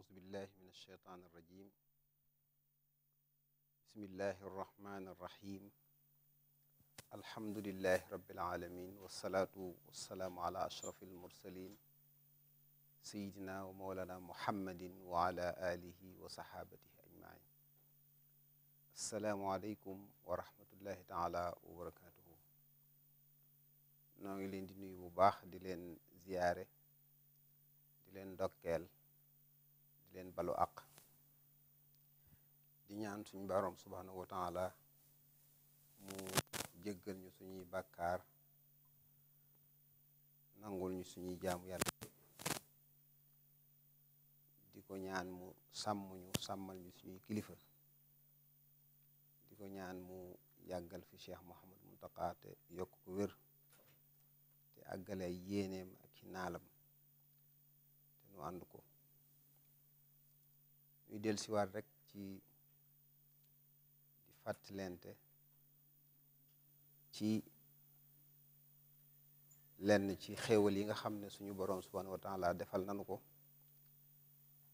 أعوذ بالله من الشيطان الرجيم بسم الله الرحمن الرحيم الحمد لله رب العالمين والصلاة والسلام على أشرف المرسلين سيدنا ومولانا محمد وعلى آله وصحابته أجمعين السلام عليكم ورحمة الله تعالى وبركاته noo ngi leen di nuyu bu baax di leen ziyaare di leen dokkeel leen balu àq di ñaan suñu barom subhaanahu wa taala mu jéggal ñu suñuy bàkkaar nangul ñu suñuy jaamu yàlla di ko ñaan mu sàmm ñu ñu suñuy kilifa di ko ñaan mu yàggal fi Cheikh Mouhamadou Mountakha te yokk ko wér te àggale ay yéeneem naalam te nu ànd ko ñuy dellusiwaat rek ci di fàttalente ci lenn ci xéewal yi nga xam ne suñu boroom subhanahu wa taala defal nanu ko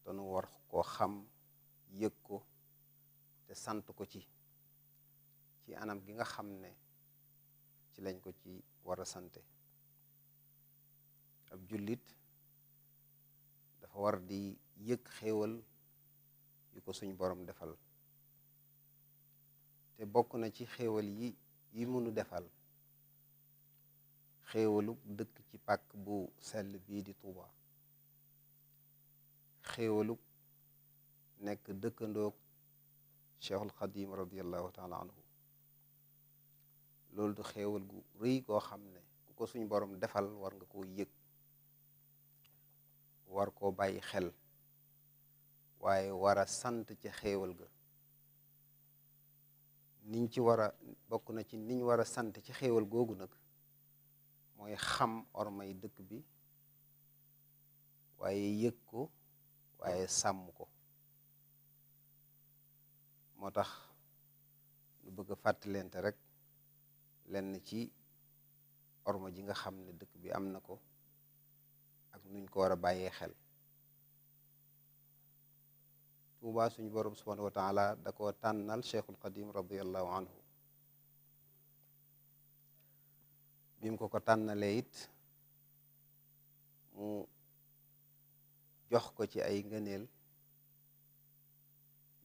te nu war koo xam yëg ko te sant ko ci ci anam gi nga xam ne ci lañ ko ci war a sante ab jullit dafa war di yëg xéewal ko suñ borom defal te bokk na ci xéewal yi yi mënu defal xéewalu dëkk ci pàkk bu sell bii di Tuuba xéewalu nekk dëkkandoog Cheikhul Xadim radiallahu taala anhu loolu du xéewal gu rëy koo xam ne ku ko suñ borom defal war nga koo yëg war koo bàyyi xel waaye war a sant ci xéewal ga niñ ci war a bokk na ci niñ war a sant ci xéewal googu nag mooy xam orma yi dëkk bi waaye yëg ko waaye sàmm ko moo tax lu bëgg a fàttalente rek lenn ci orma ji nga xam ne dëkk bi am na ko ak nuñ ko war a bàyyee xel tuubaa suñu borom subhanahu wa taala da tànnal cheikhul qadim radiallahu anhu bi ko ko tànnalee it mu jox ko ci ay ngëneel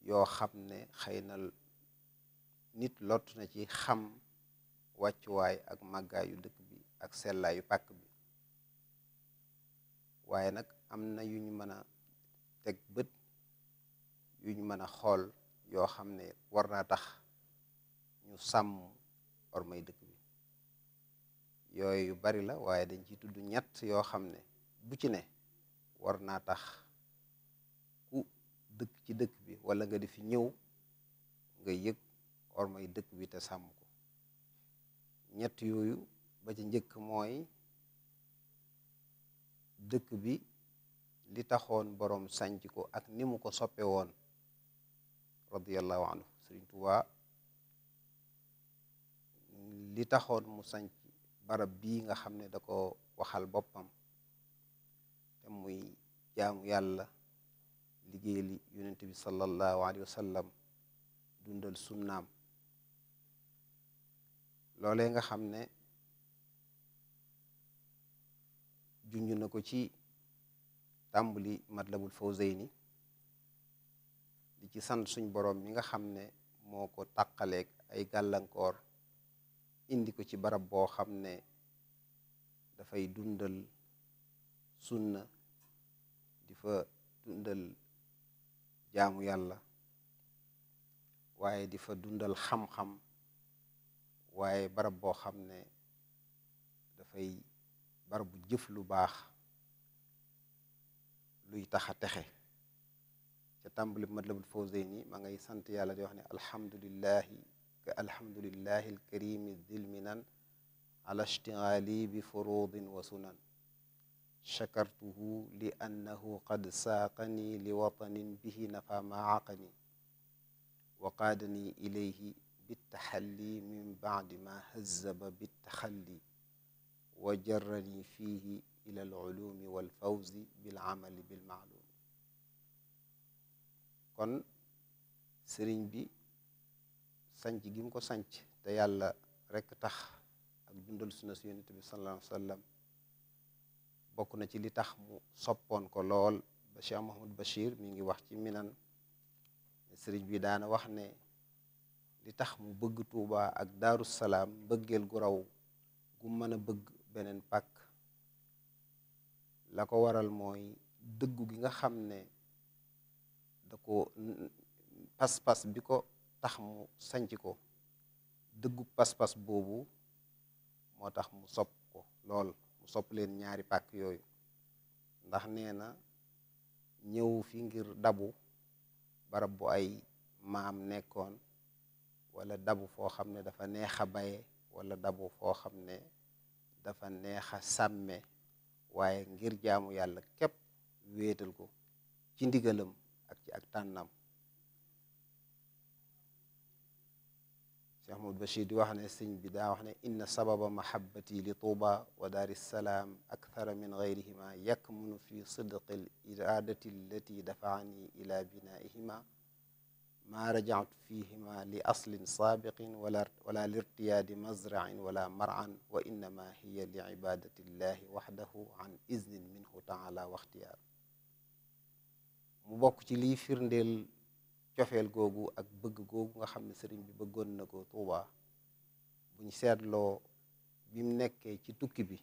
yoo xam ne xëy na nit lott na ci xam wàccuwaay ak màggaayu dëkk bi ak sellaayu pàkk bi waaye nag am na yu ñu mën a teg bët yuñ mën a xool yoo xam ne war naa tax ñu sàmm ormay dëkk bi yooyu bari la waaye dañ ci tudd ñett yoo xam ne bu ci ne war naa tax ku dëkk ci dëkk bi wala nga di fi ñëw nga yëg ormay dëkk bi te sàmm ko ñett yooyu ba ci njëkk mooy dëkk bi li taxoon boroom sanc ko ak ni mu ko soppewoon radiallahu anhu sëriñ Tuubaa li taxoon mu sanc barab bii nga xam ne da ko waxal boppam te muy jaamu yàlla liggéeyali yonent bi sallallahu alayhi wa dundal sunnaam loolee nga xam ne junj na ko ci tàmbali matlabul fawzayni di ci sant suñ boroom mi nga xam ne moo ko tàqaleeg ay gàllankoor indi ko ci barab boo xam ne dafay dundal sunna di fa dundal jaamu yàlla waaye di fa dundal xam-xam waaye barab boo xam ne dafay barab jëf lu baax luy taxa texe ca tàmbali Matlabul Fawzayni ma ngay sant yàlla di wax ne alhamdulillahi ka alhamdulillahi alkarimi dilminan ala ishtigali bi furudin wa sunan shakartuhu li annahu qad saaqani li watanin bihi nafa maaqani wa qaadani ilayhi bittaxalli min bacdi ma hazzaba bittaxalli wa jarrani fihi ila alculumi walfawzi bilcamali bilmaclum kon sëriñ bi sanc gi mu ko sanc te yàlla rekk tax ak dundal sunna si yonent bi sallallahu alayhi bokk na ci li tax mu soppoon ko lool ba Cheikh Mahmoud Bachir mi ngi wax ci minan sëriñ bi daana wax ne li tax mu bëgg Tuuba ak Daaru Salaam mbëggeel gu raw gu mën a bëgg beneen pàkk la ko waral mooy dëggu gi nga xam ne ko pas-pas bi ko tax mu sanc ko dëggu pas-pas boobu moo tax mu sopp ko lool mu sopp leen ñaari pàkk yooyu ndax nee na ñëw fi ngir dabu barab bu ay maam nekkoon wala dabu foo xam ne dafa neex a baye walla dabu foo xam ne dafa neex a sàmme waaye ngir jaamu yàlla képp wéetal ko ci ndigalam ak ci ak tànnam cheikh mahmad bachir di wax ne sëñ bi daa wax ne inna sababa mahabbati li tuuba wa daari salaam akthara min gayrihima yakmunu fi sidqi l iradati allati dafaani ila binaihima ma rajactu fihima li aslin saabiqin wala lirtiyaadi mazracin wala marcan wa innama hiya li cibaadati illahi waxdahu an iznin minhu taala wa ixtiyaar mu bokk ci liy firndeel cofeel googu ak bëgg googu nga xam ne sëriñ bi bëggoon na ko Touba buñ seetloo bi mu nekkee ci tukki bi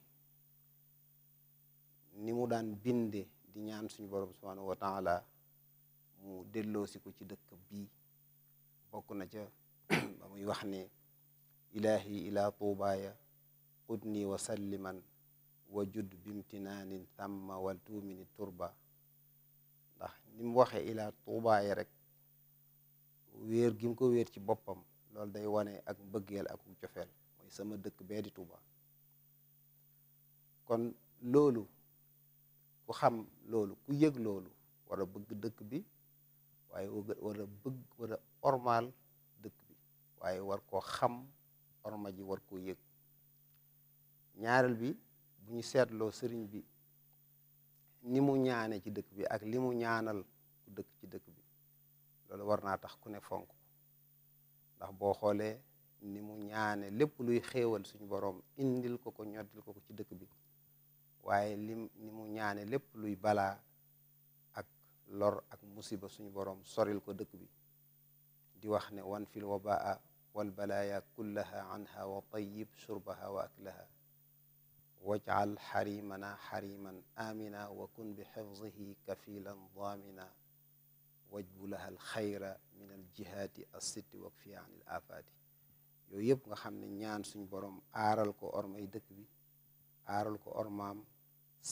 ni mu daan binde di ñaan suñu borom subhanahu wa mu delloosi ko ci dëkk bi bokk na ca ba muy wax ne ilahi ila tuubaaya qudni wa salliman wa jud bimtinaanin thamma wal tuumini turba li mu waxee ilaa tuubaayi rek wéer gi mu ko wéer ci boppam loolu day wane ak mbëggeel ak jofeel mooy sama dëkk bee di Tuuba kon loolu ku xam loolu ku yëg loolu war a bëgg dëkk bi waaye war bëgg war ormaal dëkk bi waaye war koo xam orma ji war koo yëg ñaareel bi bu ñu seetloo sëriñ bi ni mu ñaane ci dëkk bi ak limu ñaanal ku dëkk ci dëkk bi loolu war naa tax ku ne fonk ndax boo xoolee ni mu ñaane lépp luy xéewal suñu boroom indil ko ko ñoddil ko ko ci dëkk bi waaye lim ni mu ñaane lépp luy balaa ak lor ak musiba suñu boroom soril ko dëkk bi di wax ne wan fil wabaa wal balaaya kullaha anha wa tayyib shurbaha wa aklaha wajcal xarimana xariman amina wa kun bi xifzihi kafilan daamina wajbulaha alxayra min aljihaati assitti wakfi an il afaati yooyu yëpp nga xam ne ñaan suñ borom aaral ko ormay dëkk bi aaral ko ormaam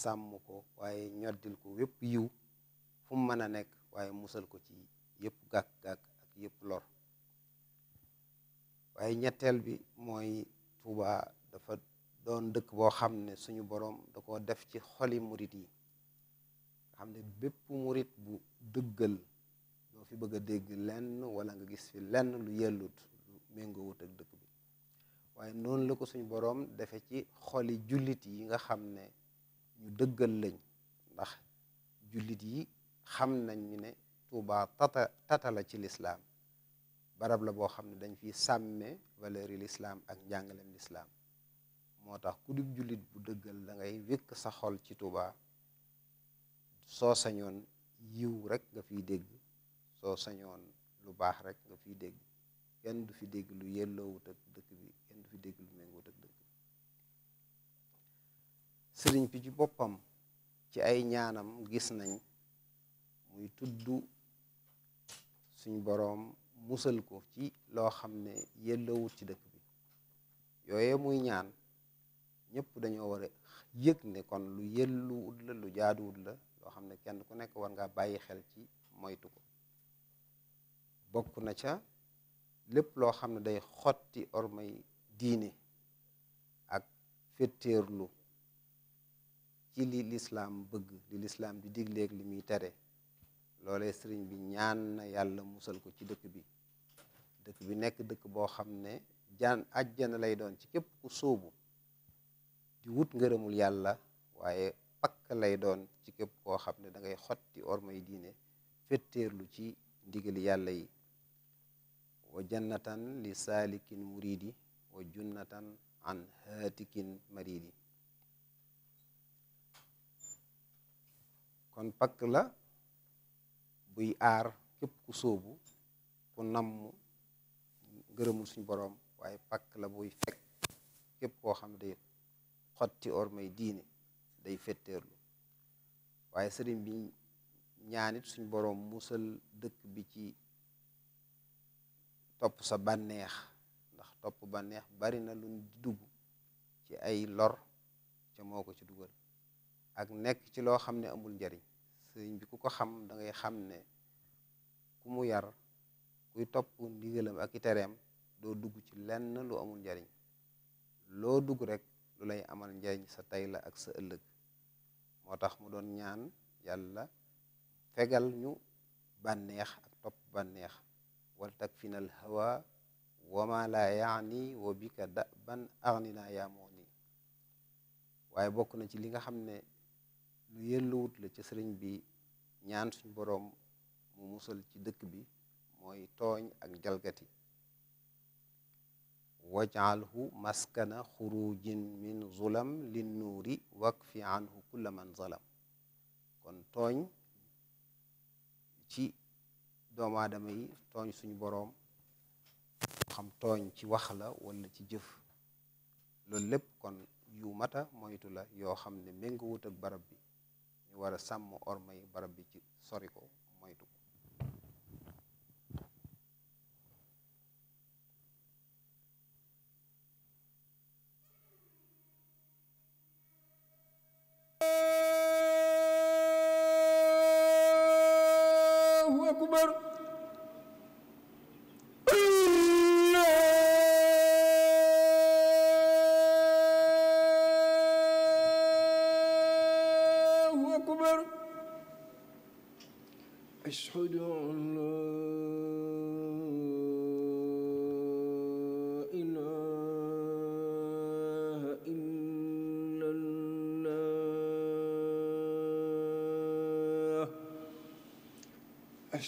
sàmm ko waaye ñoddil ko wépp yiw fu mu mën a nekk waaye musal ko ci yëpp gàkk-gàkk ak lor waaye ñetteel bi mooy Tuubaa dafa doon dëkk boo xam ne suñu boroom da ko def ci xoli murit yi nga xam ne bépp murit bu dëggal doo fi bëgg a dégg lenn wala nga gis fi lenn lu yellut lu méngoowut ak dëkk bi waaye noonu la ko suñu boroom defe ci xoli jullit yi nga xam ne ñu dëggal lañ ndax jullit yi xam nañ ne Tuubaa tata tata la ci lislaam barab la boo xam ne dañ fi sàmme valeur lislaam ak njàngalem lislaam moo tax ku dib jullit bu dëggal da ngay wékk sa xol ci Tuubaa soo sañoon yiw rekk nga fi dégg soo sañoon lu baax rekk nga fiy dégg kenn du fi dégg lu yelloowut ak dëkk bi kenn du fi dégg lu méngoot ak dëkk bi sëriñ bi ci boppam ci ay ñaanam gis nañ muy tudd suñ boroom musal ko ci loo xam ne yelloowut ci dëkk bi yooye muy ñaan ñëpp dañoo war a yëg ne kon lu yelluwut la lu jaaduwut la loo xam ne kenn ku nekk war ngaa bàyyi xel ci moytu ko bokk na ca lépp loo xam ne day xotti ormay diine ak fetteerlu ci li lislaam bëgg li lislaam di digleeg li muy tere loole sëriñ bi ñaan na yàlla musal ko ci dëkk bi dëkk bi nekk dëkk boo xam ne jaan àjjana lay doon ci képp ku sóobu wut ngërëmul yàlla waaye pakk lay doon ci képp koo xam ne dangay ngay xotti ormay diine fetteerlu ci ndigali yàlla yi wa jannatan li saalikin muridi wa junnatan an haatikin maridi kon pakk la buy aar képp ku sóobu ku namm ngërëmul suñ boroom waaye pakk la buy fekk képp koo xam ne xotti ormay diine day fetteerlu waaye sëriñ bi ñaanit suñ boroom musal dëkk bi ci topp sa bànneex ndax topp bànneex bari na lu dugg ci ay lor ca moo ko ci dugal ak nekk ci loo xam ne amul njariñ sëriñ bi ku ko xam dangay xam ne ku mu yar kuy topp ndigalam ak i tereem doo dugg ci lenn lu amul njariñ loo dugg rek lu lay amal njaañ sa tey la ak sa ëllëg moo tax mu doon ñaan yàlla fegal ñu bànneex ak topp bànneex wal takfinal hawa wama la yaani wa bika da ban arnina yaa moo nii waaye bokk na ci li nga xam ne lu yelluwut la ci sëriñ bi ñaan suñ boroom mu musal ci dëkk bi mooy tooñ ak jalgati waj'alhu maskana xurujin min zulam linnuuri wakfi anhu kulla man zalam kon tooñ ci doomu aadama yi tooñ suñu boroom xam tooñ ci wax la wala ci jëf loolu lépp kon yu mata moytu la yoo xam ne méngoowut ak barab bi ñu war a sàmm ormay barab bi ci soriko allahu akbar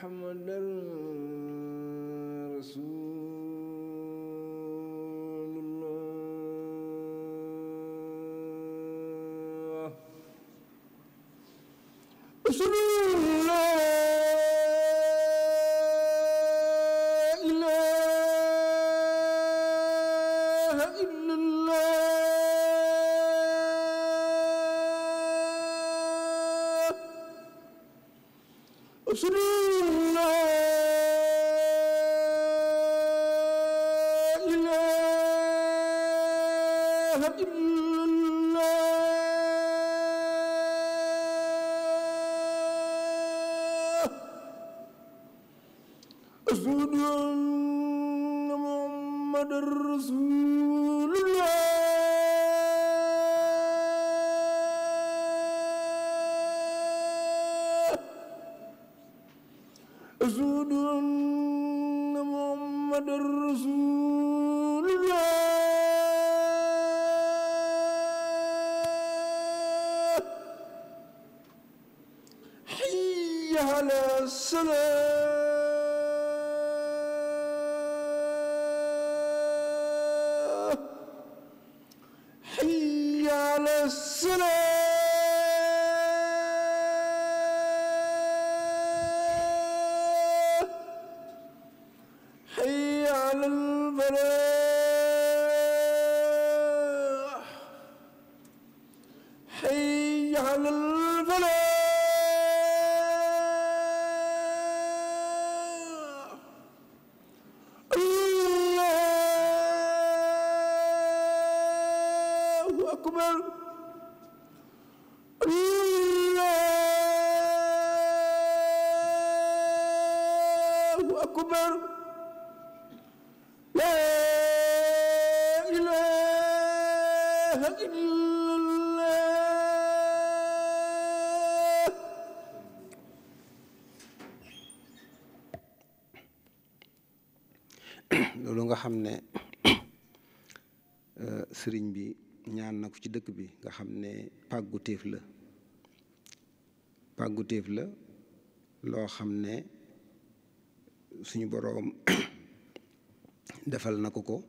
محمدا رسول الله أشهد أن لا إله إلا الله أشهد السلام xam ne euh, sëriñ bi ñaan na ko ci dëkk bi nga xam ne pàggu téef la pàggu la loo xam ne suñu boroom defal na ko ko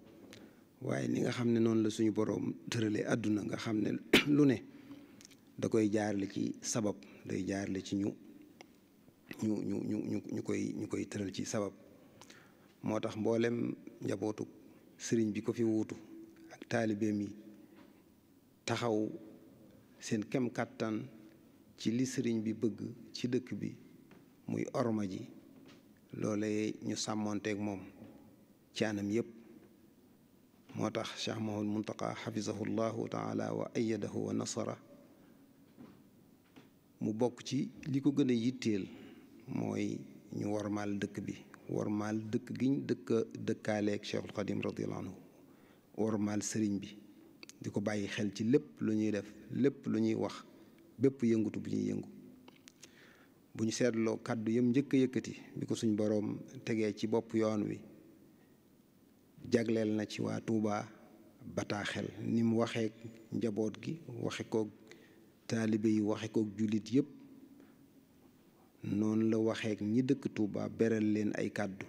waaye ni nga xam ne noonu la suñu boroom tëralee àdduna nga xam ne lu ne da koy jaarale ci sabab day jaarale ci ñu ñu ñu ñu koy ñu koy tëral ci sabab moo tax mboolem njabootu sëriñ bi ko fi wuutu ak taalibeem yi taxaw seen kem kàttan ci li sëriñ bi bëgg ci dëkk bi muy orma ji loole ñu sàmmoonteeg moom ci anam yépp moo tax Cheikh Mahul Muntaqa xafizahu llahu taala wa ayadahu wa nasara mu bokk ci li ko gën a yitteel mooy ñu warmaal dëkk bi wormaal dëkk giñ dëkk dëkkaaleek Cheikhul Xadim radiyallahu anhu wormaal sëriñ bi di ko bàyyi xel ci lépp lu ñuy def lépp lu ñuy wax bépp yëngutu bu ñuy yëngu bu ñu seetloo kàddu yëm njëkk a yëkkati bi ko suñ boroom tegee ci bopp yoon wi jagleel na ci waa tuuba bataaxel ni mu waxee njaboot gi waxe koog taalibe yi waxe koog jullit yëpp noonu la waxeek ñi dëkk Tuuba beral leen ay kàddu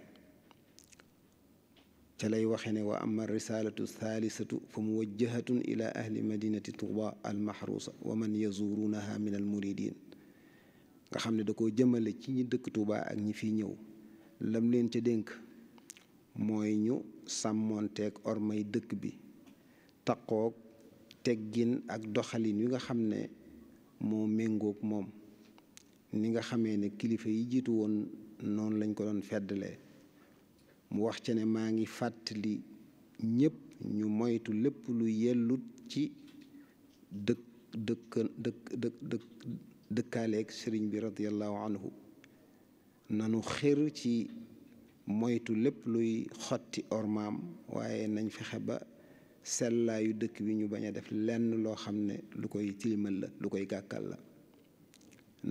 ca lay waxe ne wa ama risalatu thaalisatu fa muwajjahatun ila ahli madinati Tuuba almahruusa wa man yazurunaha min almuridin nga xam ne da ko jëmale ci ñi dëkk Tuuba ak ñi fi ñëw lam leen ca dénk mooy ñu sàmmoonteeg ormay dëkk bi taqoog teggin ak doxalin wi nga xam ne moo méngoog moom ni nga xamee ne kilifa yi jiitu woon noonu lañ ko doon feddalee mu wax ca ne maa ngi fàttali ñépp ñu moytu lépp lu yellut ci dëkk dëkk sëriñ bi radiallahu anhu nanu xër ci moytu lépp luy xotti ormaam waaye nañ fexe ba sellaayu dëkk bi ñu bañ a def lenn loo xam ne lu koy tilimal la lu koy gàkkal la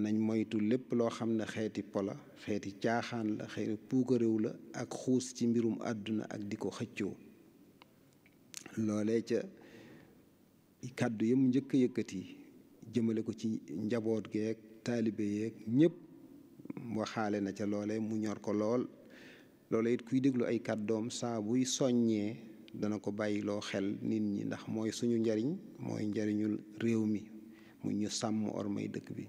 nañ moytu lépp loo xam ne xeeti pola xeeti caaxaan la xeeti puukaréew la ak xuus ci mbirum àdduna ak di ko xëccoo loole ca kàddu yam njëkk a yi jëmale ko ci njaboot geek taalibe yeeg ñëpp waxaale na ca loole mu ñor ko lool loole it kuy déglu ay kàddoom saa buy soññee dana ko bàyyiloo xel nit ñi ndax mooy suñu njariñ mooy njariñul réew mi mu ñu sàmm ormay dëkk bi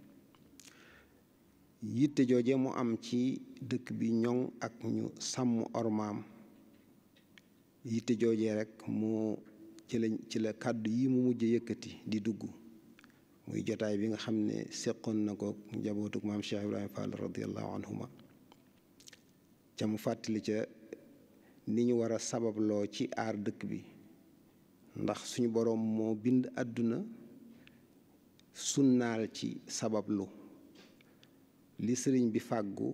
yitte jooje mu am ci dëkk bi ñoŋ ak ñu sàmm ormaam yitte jooje rek mu ci ci la kàddu yi mu mujj yëkkati di dugg muy jotaay bi nga xam ne seqoon na ko njabootug maam Cheikh Ibrahima Fall radiallahu anhuma ca mu fàttali ca ni ñu war a sababloo ci aar dëkk bi ndax suñu boroom moo bind àdduna sunnaal ci sabablu li sëriñ bi fàggu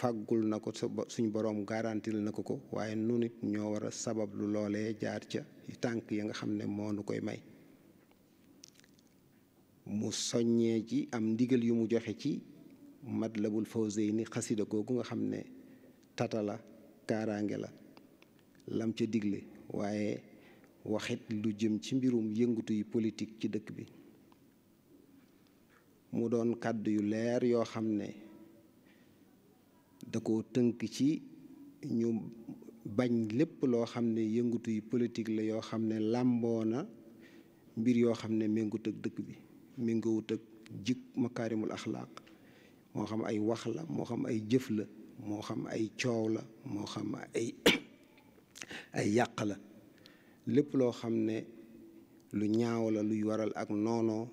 fàggul na ko suñu boroom garantil na ko ko waaye nun it ñoo war a sabab lu loolee jaar ca tànk ya nga xam ne moo nu koy may mu soññee ci am ndigal yu mu joxe ci Matlabul Fawzayni xasida googu nga xam ne tata la kaaraange la lam ca digle waaye waxit lu jëm ci mbirum yëngatu yi politique ci dëkk bi mu doon kàddu yu leer yoo xam ne da ko tënk ci ñu bañ lépp loo xam ne yëngatu yu la yoo xam ne làmboo na mbir yoo xam ne méngut ak dëkk bi méngawut ak jik makaarimul axlaaq moo xam ay wax la moo xam ay jëf la moo xam ay coow la moo xam ay ay yàq la lépp loo xam ne lu ñaaw la luy waral ak noonoo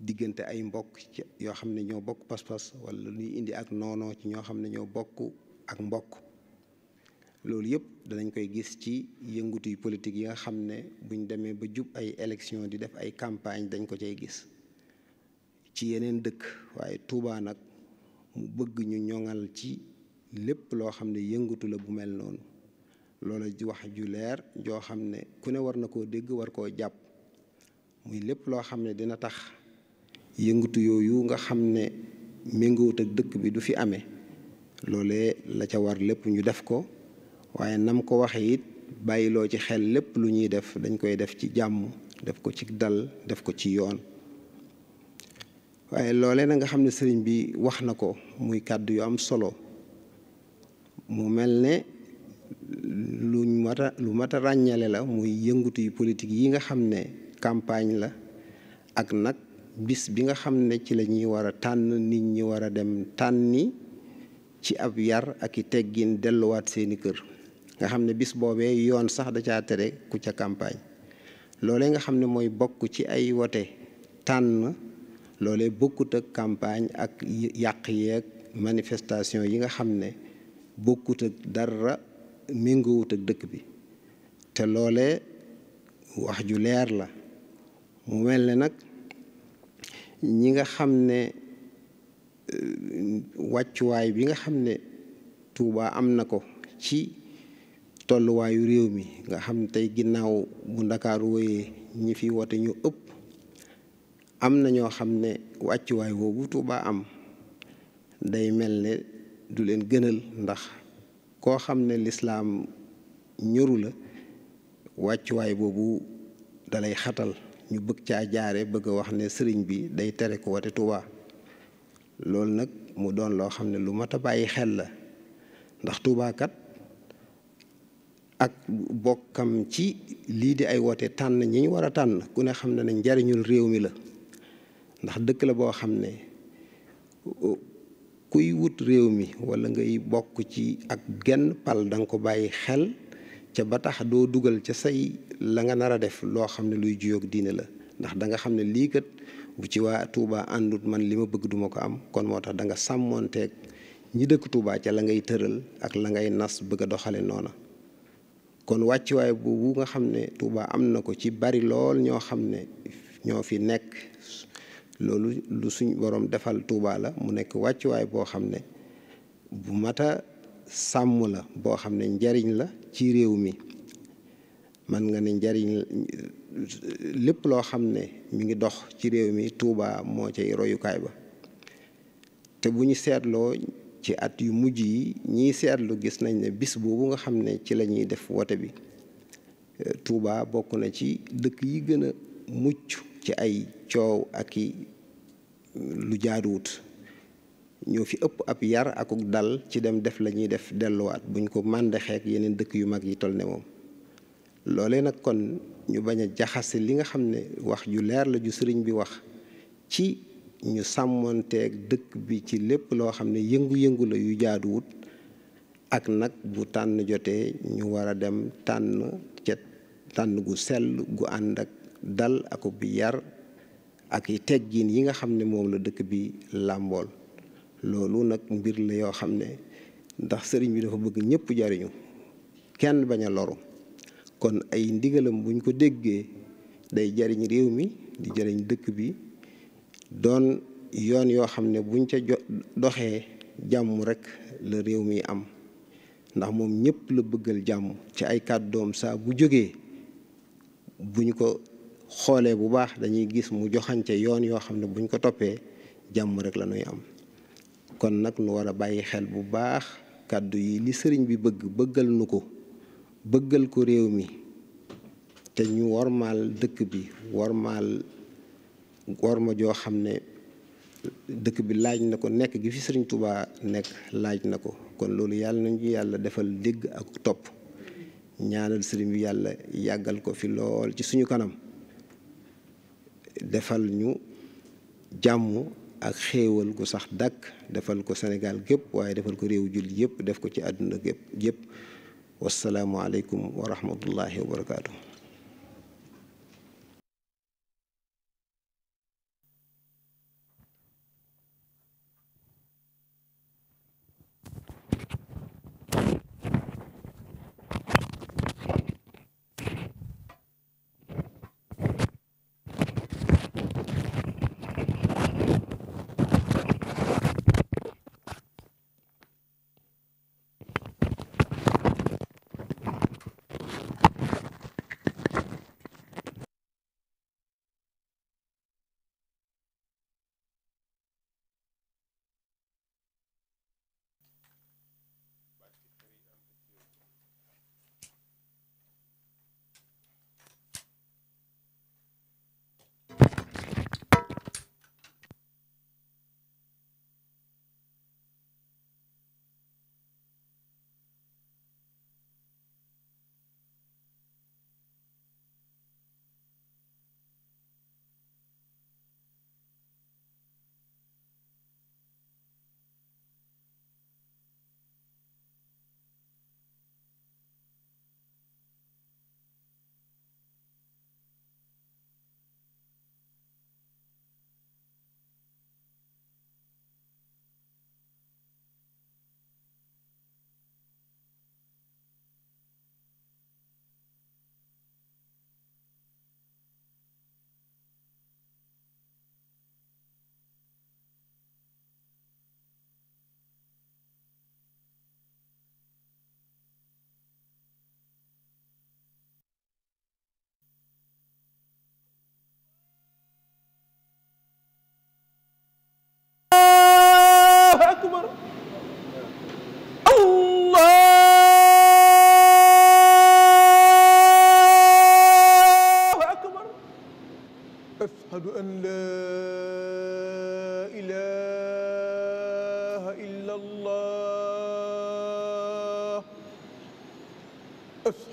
diggante ay mbokk yoo xam ne ñoo bokk pas-pas wala luy indi ak noonoo ci ñoo xam ne ñoo bokk ak mbokk loolu yëpp danañ koy gis ci yëngutu yu politique yi nga xam ne buñ demee ba jub ay élection di def ay campagne dañ ko cay gis ci yeneen dëkk waaye Tuubaa nag mu bëgg ñu ñoŋal ci lépp loo xam ne yëngatu la bu mel noonu loola wax ju leer joo xam ne ku ne war na koo dégg war koo jàpp muy lépp loo xam ne dina tax yëngatu yooyu nga xam ne méngoowut ak dëkk bi du fi ame loole la ca war lépp ñu def ko waaye nam ko waxe it bàyyiloo ci xel lépp lu ñuy def dañ koy def ci jàmm def ko ci dal def ko ci yoon waaye loole na nga xam ne sëriñ bi wax na ko muy kàddu yu am solo mu mel ne luñ lu mat a ràññale la muy yëngatu yu politique yi nga xam ne campagne la ak nag bis bi nga xam ne ci lañuy ñuy war a tànn nit ñi war a dem tànni ci ab yar ak i teggin delluwaat seeni kër nga xam ne bis boobee yoon sax da caa tere ku ca campagne loolee nga xam ne mooy bokk ci ay wote tànn loole bokkut ak campagne ak yàq yeek manifestation yi nga xam ne bokkut ak dara méngoowut ak dëkk bi te loole wax ju leer la mu mel ne nag ñi nga xam ne euh, wàccuwaay bi nga xam ne tuubaa am na ko ci tolluwaayu réew mi nga xam tey ginnaaw bu ndakaaru wooyee ñi fi woote ñu ëpp am na ñoo xam ne wàccuwaay boobu Touba am day mel ne du leen gënal ndax koo xam ne lislaam ñoru la wàccuwaay boobu dalay xatal ñu bëgg caa jaare bëgg a wax ne sëriñ bi day tere ku wate Tuuba loolu nag mu doon loo xam ne lu mat a bàyyi xel la ndax Tuuba ak bokkam ci lii di ay wote tànn ñi ñu war a tànn ku ne xam ne ne njariñul réew mi la ndax dëkk la boo xam ne kuy wut réew mi walla ngay bokk ci ak genn pal danga ko bàyyi xel ca ba tax doo dugal ca say la nga nar a def loo xam ne luy juyoog diine la ndax danga xam ne lii kat bu ci waa Touba àndut man li ma bëgg duma ko am kon moo tax danga nga sàmmoonteeg ñi dëkk Touba ca la ngay tëral ak la ngay nas bëgg a doxale noona kon wàccuwaay boobu nga xam ne Touba am na ko ci bari lool ñoo xam ne ñoo fi nekk loolu lu suñ borom defal Touba la mu nekk wàccuwaay boo xam ne bu mata sàmm la boo xam ne njariñ la ci réew mi man nga ne njariñ lépp loo xam ne mu ngi dox ci réew mi Touba moo cay royukaay ba te bu ñu seetloo ci at yu mujj yi ñiy seetlu gis nañ ne bis boobu nga xam ne ci lañuy ñuy def wote bi euh, Touba bokk na ci dëkk yi gën a mucc ci ay coow ak i lu jaaduwut ñoo fi ëpp ab yar akuk dal ci dem def la ñuy def delluwaat buñ ko màndexeek yeneen dëkk yu mag yi tol ne moom loolee nag kon ñu bañ a jaxase li nga xam ne wax ju leer la ju sëriñ bi wax ci ñu sàmmonteeg dëkk bi ci lépp loo xam ne yëngu-yëngu la yu jaaduwut ak nag bu tànn jotee ñu war a dem tànn ca tànn gu sell gu ànd dal akub ak i teggiin yi nga xam ne moom la dëkk bi làmbool loolu nag mbir la yoo xam ne ndax sëriñ bi dafa bëgg ñëpp jariñu kenn bañ a loru kon ay ndigalam buñ ko déggee day jariñ réew mi di jariñ dëkk bi doon yoon yoo xam ne buñ ca doxee jàmm rek la réew mi am ndax moom ñëpp la bëggal jàmm ci ay doom saa bu jógee buñ ko xoolee bu baax dañuy gis mu joxance yoon yoo xam ne buñ ko toppee jàmm rek la ñuy am kon nag nu war a bàyyi xel bu baax kàddu yi li sëriñ bi bëgg bëggal nu ko bëggal ko réew mi te ñu wormaal dëkk bi wormaal worma joo xam ne dëkk bi laaj na ko nekk gi fi sëriñ tubaa nekk laaj na ko kon loolu yàlla nañ ci yàlla defal dégg ak topp ñaanal sëriñ bi yàlla yàggal ko fi lool ci suñu kanam defal ñu jàmm ak xéewal gu sax dàkk defal ko Sénégal gépp waaye defal ko réew julli yëpp def ko ci àdduna gépp yëpp wasalaamualeykum wa rahmatullahi wa barakaatu.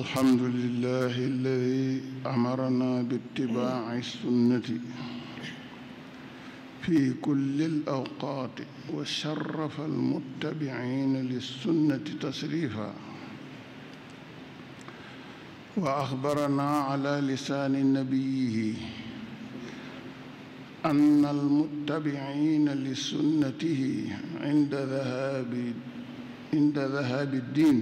الحمد لله الذي أمرنا باتباع السنة في كل الأوقات وشرف المتبعين للسنة تشريفا وأخبرنا على لسان نبيه أن المتبعين لسنته عند ذهاب عند ذهاب الدين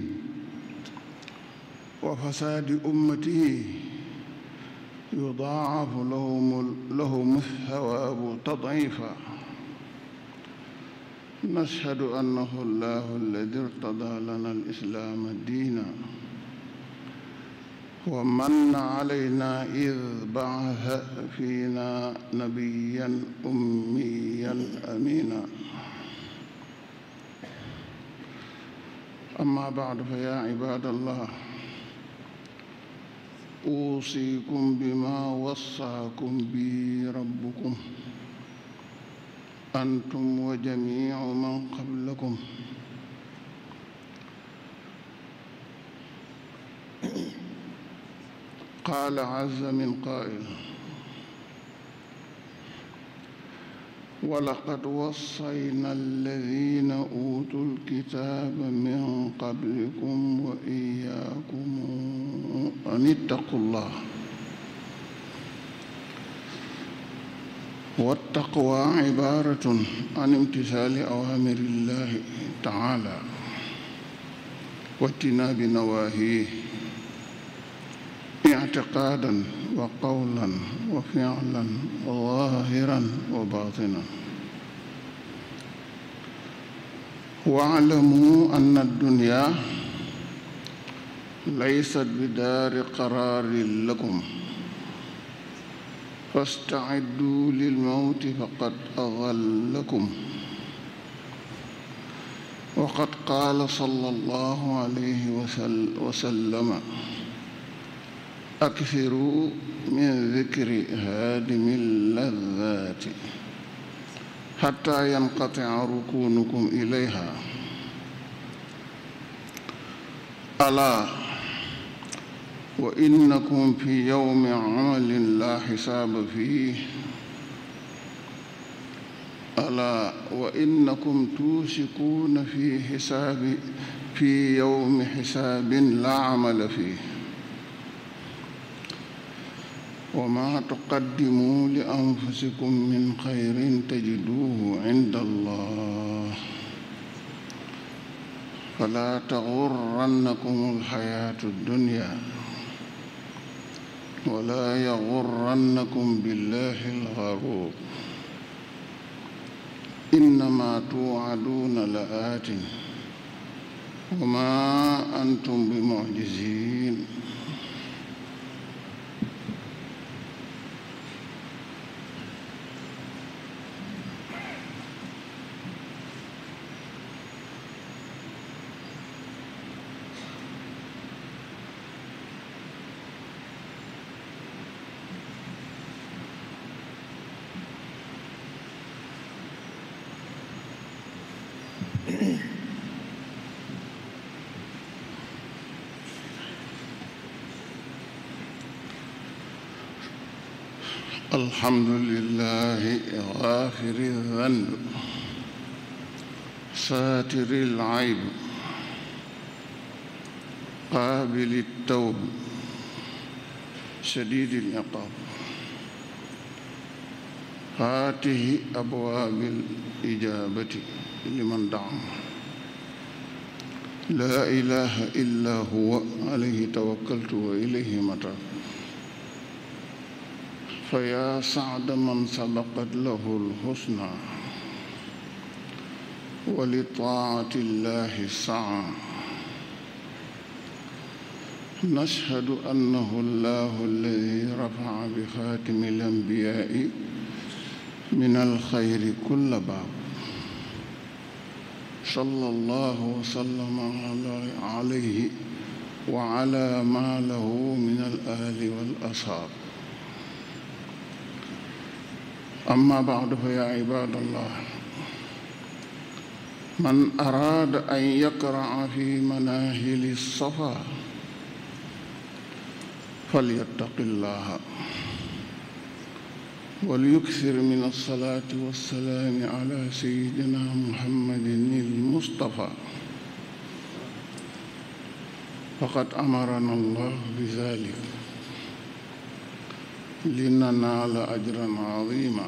wa fasaadi ummatihi yudaafu lahum lahum thawaabu tadiifa nashhadu annahu allahu alladi irtadaa lana alislaama diina ومن علينا إذ بعث فينا نبيا أميا أمينا أما بعد فيا عباد الله أوصيكم بما وصاكم به ربكم أنتم وجميع من قبلكم قال عز من قائل ولقد وصينا الذين أوتوا الكتاب من قبلكم وإياكم أن اتقوا الله والتقوى عبارة عن امتثال أوامر الله تعالى واجتناب نواهيه اعتقادا وقولا وفعلا ظاهرا وباطنا واعلموا أن الدنيا ليست بدار قرار لكم فاستعدوا للموت فقد أغلكم وقد قال صلى الله عليه وسلم akfiru min dikri haadimi lladaati xataa yanqatia rukunukum ilayha alaa wa innakum fi yowmi amalin laa xisaaba fiih alaa wa innakum tuusikuuna fi xisaabi fi yowmi xisaabin laa amala fiih وما تقدموا لأنفسكم من خير تجدوه عند الله فلا تغرنكم الحياة الدنيا ولا يغرنكم بالله الغرور إنما توعدون لآت وما أنتم بمعجزين الحمد لله غافر الذنب ساتر العيب قابل التوب شديد العقاب فاته أبواب الإجابة لمن دعا لا إله إلا هو عليه توكلت وإليه متاب فيا سعد من سبقت له الحسنى ولطاعة الله سعى نشهد أنه الله الذي رفع بخاتم الأنبياء من الخير كل باب صلى الله وسلم عليه وعلى ما له من الآل والأصحاب أما بعد فيا عباد الله من أراد أن يقرأ في مناهل الصفا فليتق الله وليكثر من الصلاة والسلام على سيدنا محمد المصطفى فقد أمرنا الله بذلك لننال أجرا عظيما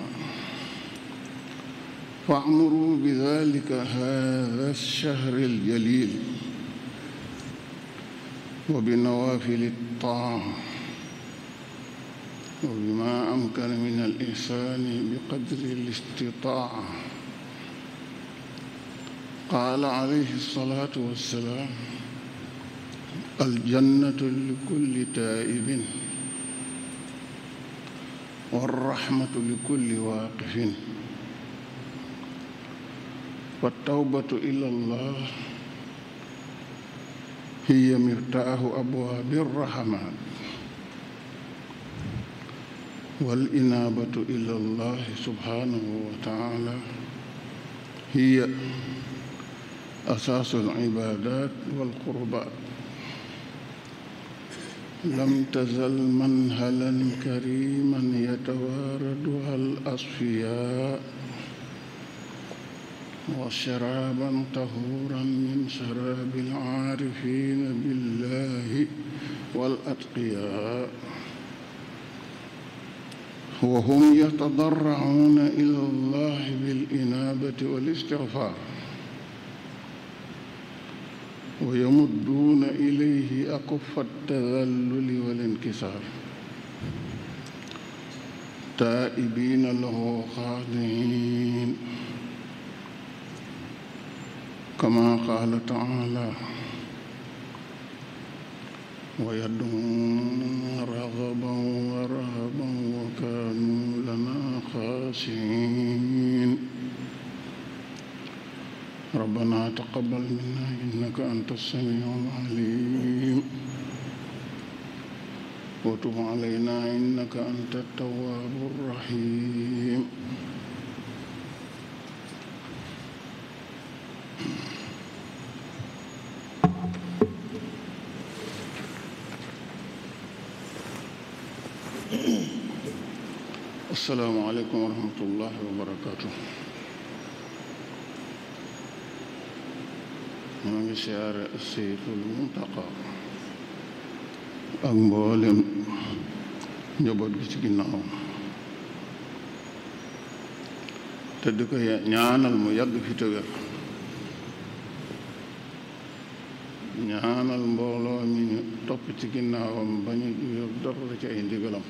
فاعمروا بذلك هذا الشهر الجليل وبنوافل الطاعة وبما أمكن من الإحسان بقدر الاستطاعة قال عليه الصلاة والسلام الجنة لكل تائب walraxmatu li kulli waaqifin waltawbatu ila llah hiya miftaaxu abwaabi raxamaat walinaabatu ila llahi subhaanahu wa taala hiya asaasu alcibaadaat walqurbaat لم تزل منهلا كريما يتواردها الأصفياء وشرابا طهورا من شراب العارفين بالله والأتقياء وهم يتضرعون إلى الله بالإنابة والاستغفار ويمدون إليه أكف التذلل والانكسار تائبين له خاضعين كما قال تعالى ويدعون رغبا ورهبا وكانوا لنا خاشعين ربنا تقبل منا إنك أنت السميع العليم وتب علينا إنك أنت التواب الرحيم السلام عليكم ورحمة الله وبركاته ñoo ngi siyaare Seydul Muntaqa ak mboolem njaboot gi ci ginnaawam te di ko ñaanal mu yàgg fi te wér ñaanal mbooloo mi topp ci ginnaawam ba ñu dor ci ay ndigalam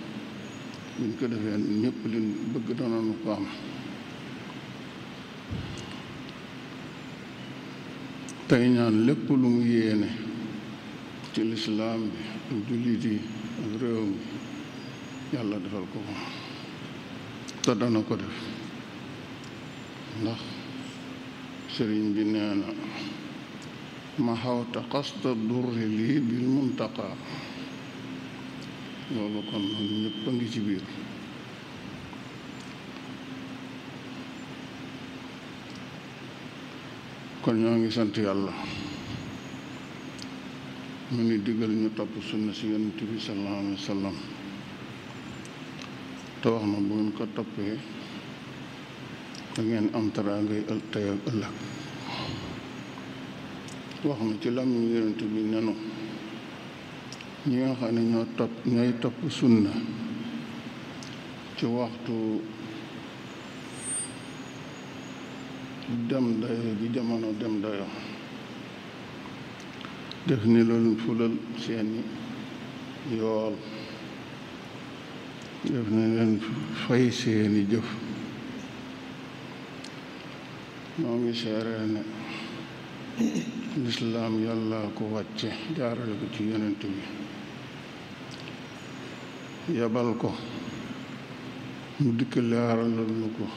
buñ ko defee ñëpp li bëgg danañu ko am tey ñaan lépp lu mu yéene ci lislaam bi ak jullit yi ak réew mi yàlla defal ko ko te dana ko def ndax sëriñ bi nee ma xaw xawta xasta durri lii bil muntaqa loolu kon ñëpp a ngi ci biir kon ñoo ngi sant yàlla mu ni diggal ñu topp sunna si yonent bi sallallahu alayhi wa sallam te wax na bu ngeen ko toppee da ngeen am taraa ngay ël tey ak ëllëg wax na ci làmmiñ yonent bi nenu ñi nga xam ne ñoo topp ñooy topp sunna ci waxtu dem dayo gi jamono dem dayo def ni loolu fulal seeni yool def ni leen fay seeni jëf moo ngi seeree ne lislaam yàlla ko wàcce jaarale ko ci yonent bi yabal ko mu dikk leeralal nu ko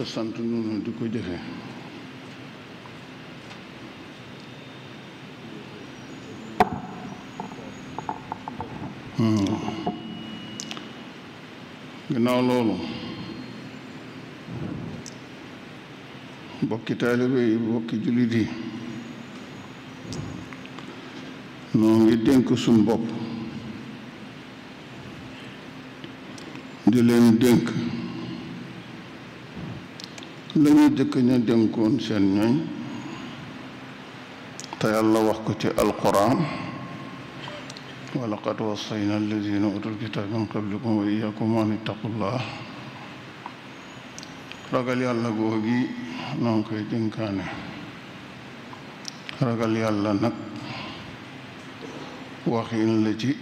te sant noonu di ko jëfe hmm. ginnaaw loolu bokki taalibe bokki jullit yi noo ngi dénk suñ bopp di leen dénk lañu jëkk ña dénkoon seen ñooñ te yàlla wax ko ci alquran wa laqad wassayna alladina utul kitaab min qablikum wa iyaakum an ittaqullah ragal yàlla googi noo koy dénkaane ragal yàlla nag waxin la ci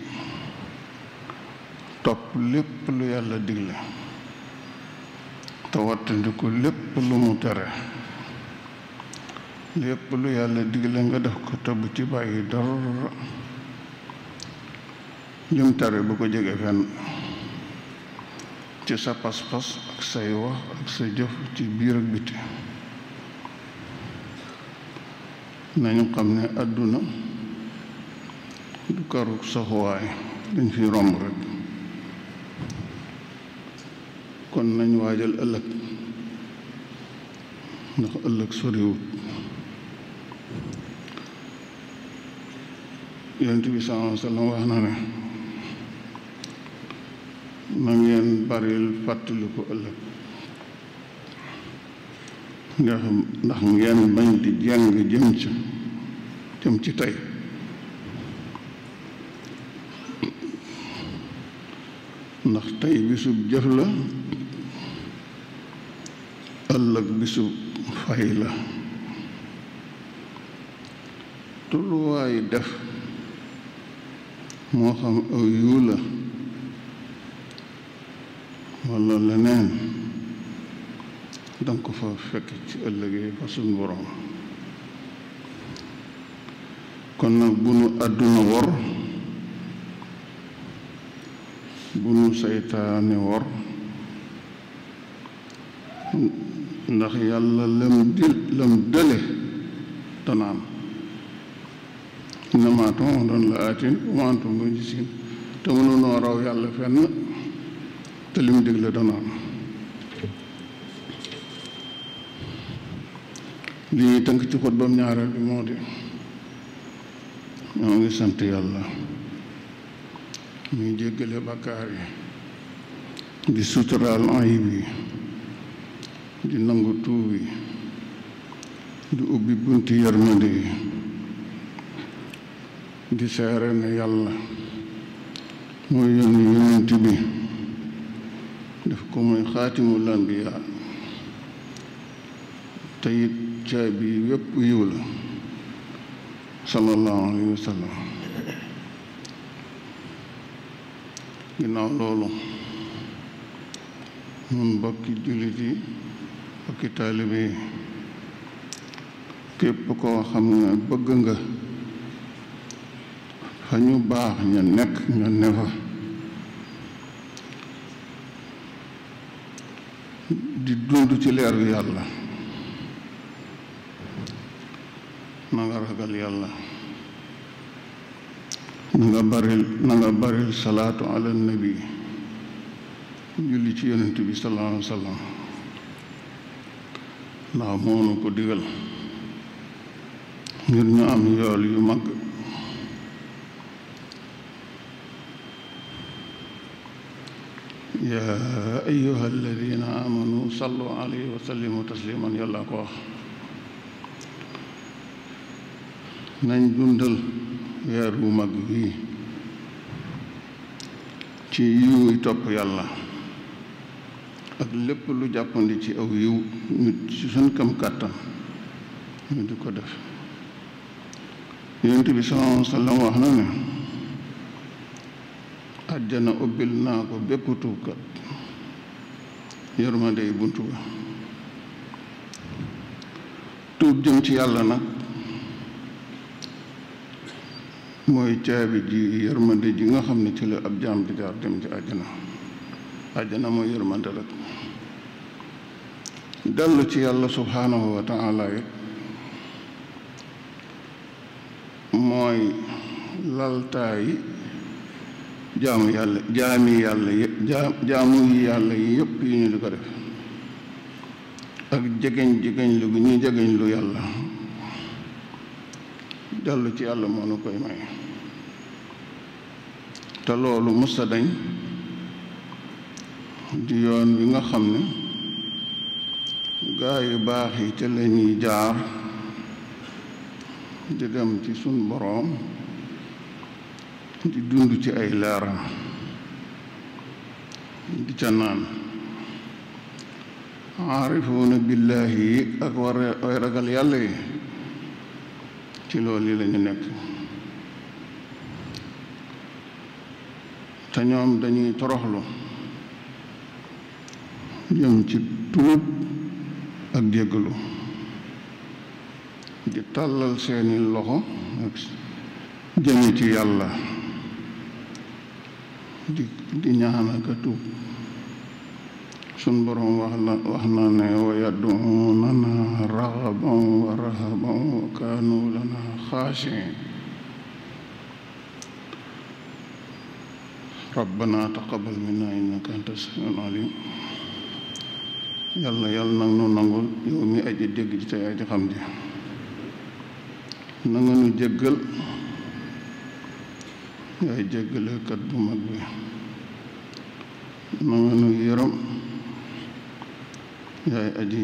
topp lépp lu yàlla digle te wattandiku lépp lu mu tere lépp lu yàlla digle nga def ko te bu ci bàyyi dara lim bu ko jege fenn ci sa pas-pas ak say wax ak sa jëf ci biir ak biti nañu xam ne àdduna du karuk saxuwaay dañ fi romb rek kon nañ waajal ëllëg ndax ëllëg soriwut yonent bi sallallahu wax na ne na ngeen baril fàttaliku ëllëg nga xam ndax ngeen bañ di jàng jëm ci jëm ci tey ndax tey bisub jëf la ëllëg bisu fay la tulluwaayu def moo xam aw yuu walla leneen danga ko fa fekk ci ëllëgee fa borom kon nag bu nu àdduna wor bu nu saytaane wor ndax yàlla lam dil lam dële tanaan innamaa tuu'aduuna la aatin wa maa antum mujrimuun te mënunoo raw yàlla fenn te li mu danaan li ñuy tënk ci xutbam ñaareel bi moo di ñoo ngi sant yàlla muy jéggale bàkkaar yi di suturaal ayib yi di nangu tuub yi di ubbi bunt yërmande yi di seere ne yàlla mooy yónni yonent bi def ko muy xaatimul anbiyaa te it caabi yépp yiw la sallallahu alayhi wa sallam ginnaaw loolu ñun mbokki jullit yi bokki taalibe yi képp koo xam ne bëgg nga fa ñu baax ña nekk ña ne fa di dund ci leer bi yàlla na nga ragal yàlla na nga baril na nga baril salaatu ala nabi julli ci yonent bi sallallahu alayhi ndax moo nu ko digal ngir ñu am yool yu mag yaa ayyuha alladina amanu sallu alayhi wa sallimu tasliman yàlla ko wax nañ dundal weer wu mag wii ci yiwuy topp yàlla ak lépp lu jàppandi ci aw yiw ñu ci kàttan ñu di ko def yonent bi sallallahu wa sallam wax na ne àjjana ubbil naa ko bépp tuubkat yërmande yi buntu ba tuub jëm ci yàlla nag mooy caabi ji yërmande ji nga xam ne ci la ab jaam di jaar ci àjjana àjjana mooy yërmante la dellu ci yàlla subhaanahu wa taala it mooy laltaayi jaamu yàlla jaami yàlla yëpp jaamu yi yàlla yëpp yi ñu di ko def ak jegeñ jegeñ lu gu ñu jegeñ lu yàlla dellu ci yàlla moo nu koy may te loolu musta dañ di yoon wi nga xam ne gaa yu baax yi ca la ñuy jaar di dem ci sun boroom di dund ci ay leeram di ca naan aarifuuna billaahi yi ak war way ragal yàlla yi ci loolu yi lañu nekk te ñoom dañuy toroxlu jëm ci tuub ak jéggalu di tàllal seeni loxo ak jëme ci yàlla di di tuub sun borom wax na wax na ne wa yadduunana raxaban wa ba wa kaanu lana xaashin rabbana taqabal minna innaka anta samiul alim yàlla yàlla nag nu nangul yow mi aji dégg ji tey aji xam ji na nu jéggal yaay jéggalekat bu mag bi na nga yërëm yaay aji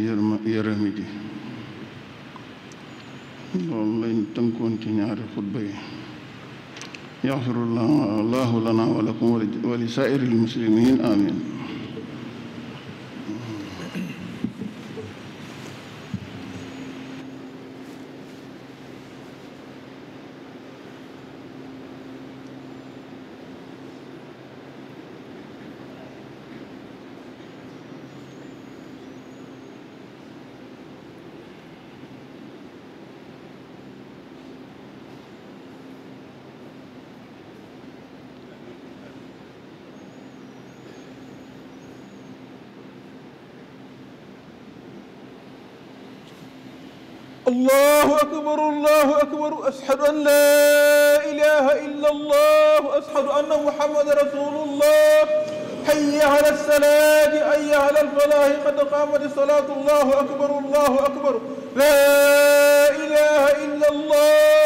yërëmi ji loolu lañ tënkoon ci ñaari xutba yi yaxfirullahu lana wa lakum wa li saa'iril muslimiin amin الله أكبر الله أكبر أشهد أن لا إله إلا الله أشهد أن محمد رسول الله حي على الصلاة حي على الفلاح قد قامت الصلاة الله أكبر الله أكبر لا إله إلا الله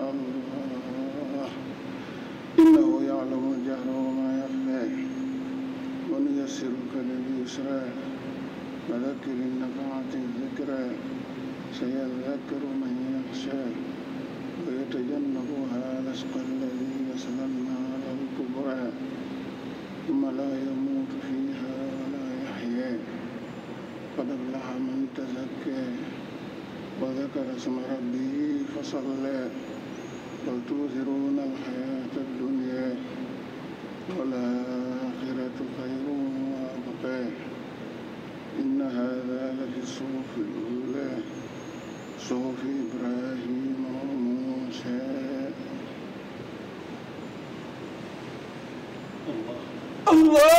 الله إنه يعلم الجهر وما يخفى ونيسرك لليسرى فذكر إن نفعت الذكرى سيذكر من يخشى ويتجنبها الأشقى الذي يصلى النار الكبرى ثم لا يموت فيها ولا يحيى قد أفلح من تزكى وذكر اسم ربه فصلى بل توثرون الحياة الدنيا والآخرة خير وأبقى إن هذا لفي الصحف الأولى صحف إبراهيم وموسى الله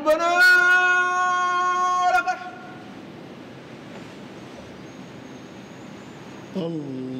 ربنا لك الله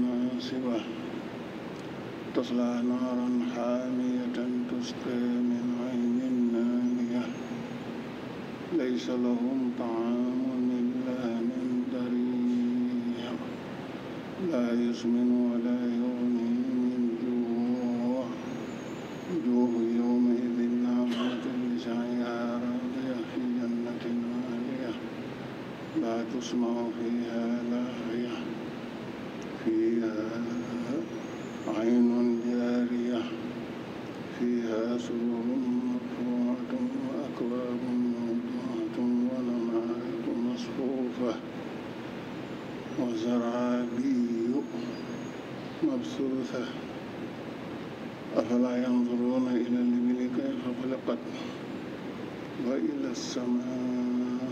منصبا تصلى نارا حامية تسقى من عين نانية ليس لهم طعام إلا من ضريع لا يسمن ولا يغني من جوع وجوه يومئذ ناظرة لسعيها راضية في جنة عالية لا تسمع فيها الثلثة أفلا ينظرون إلى الإبل كيف خلقت وإلى السماء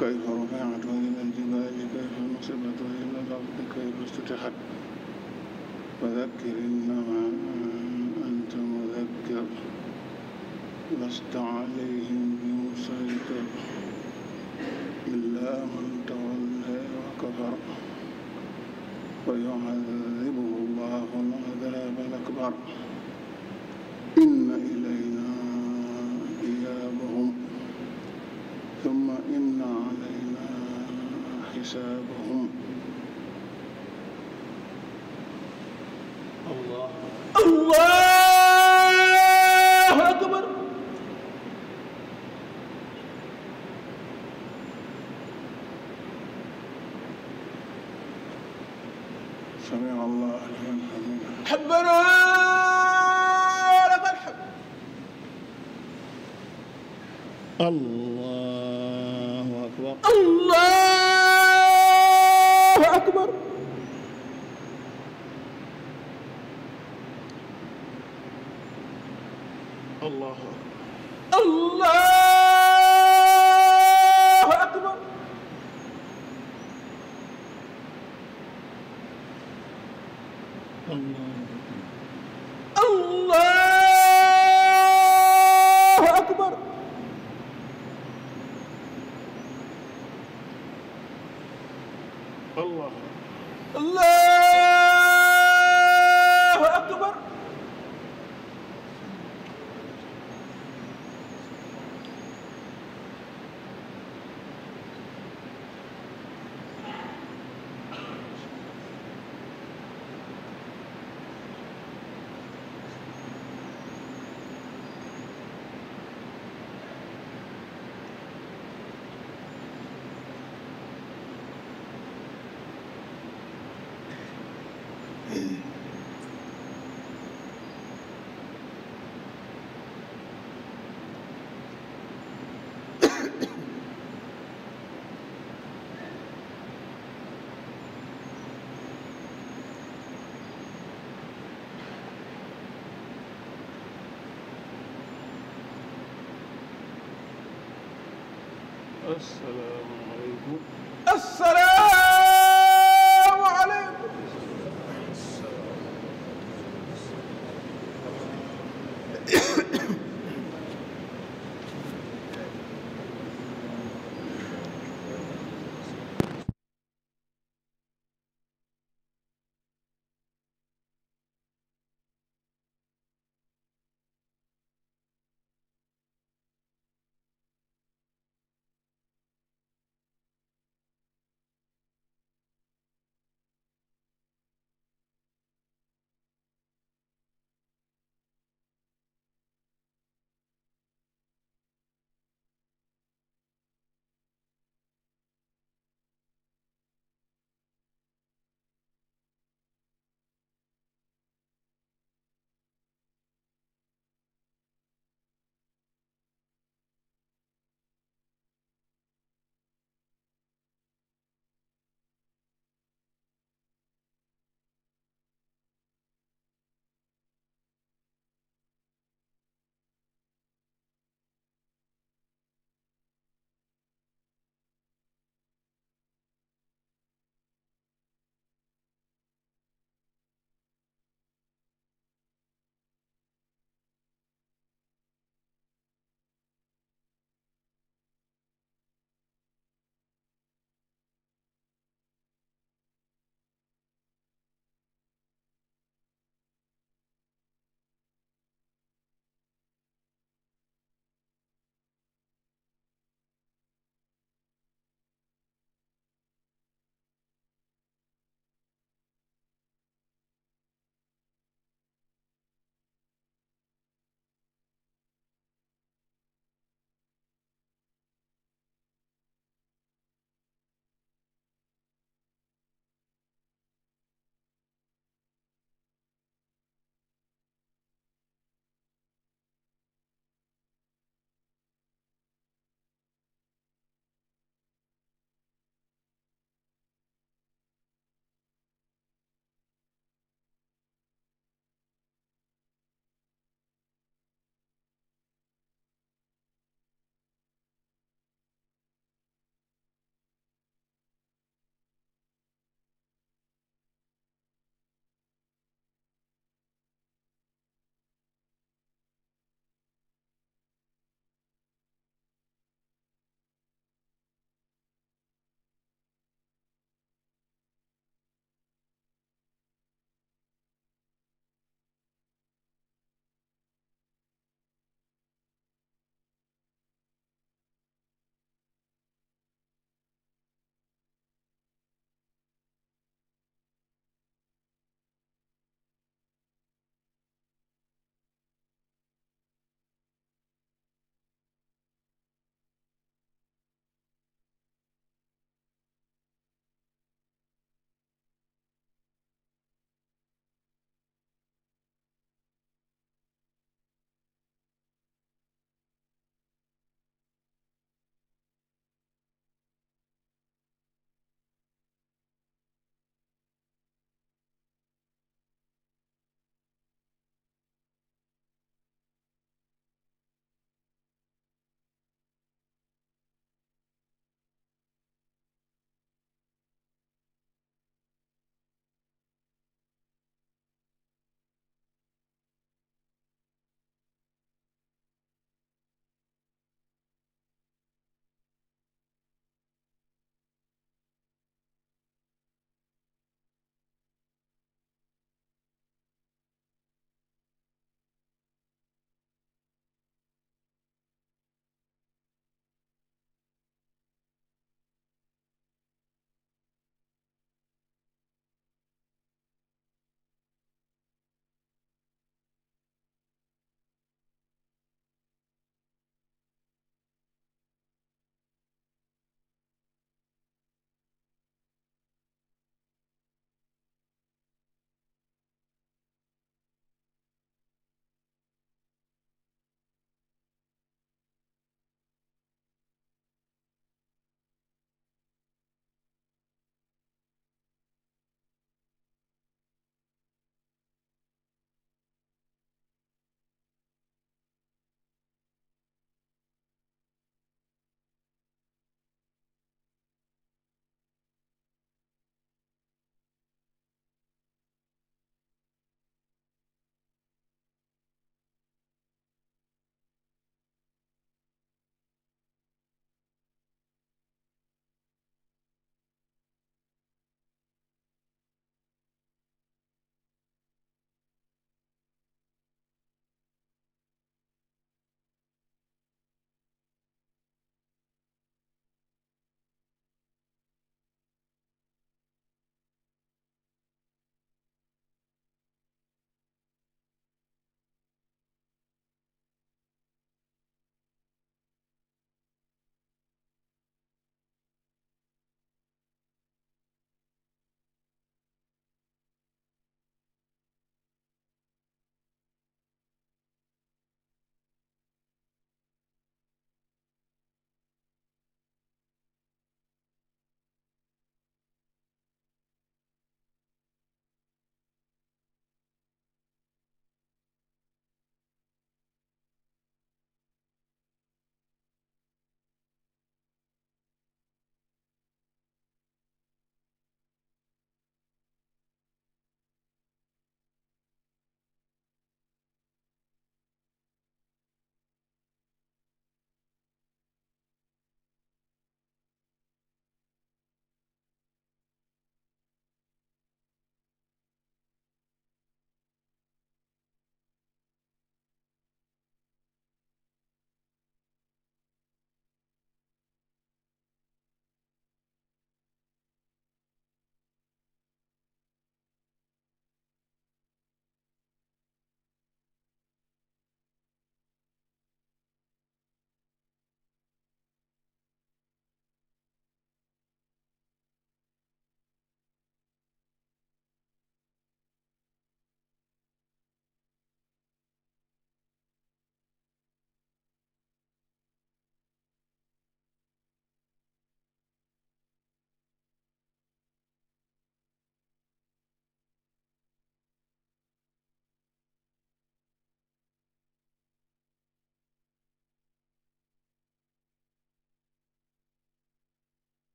كيف رفعت وإلى الجبال كيف نصبت وإلى الأرض كيف افتتحت فذكر إنما أنت مذكر لست عليهم بمسيطر إلا من تولى وكفر فيعذبه الله العذاب الأكبر إن إلينا إيابهم ثم إن علينا حسابهم الله الله الله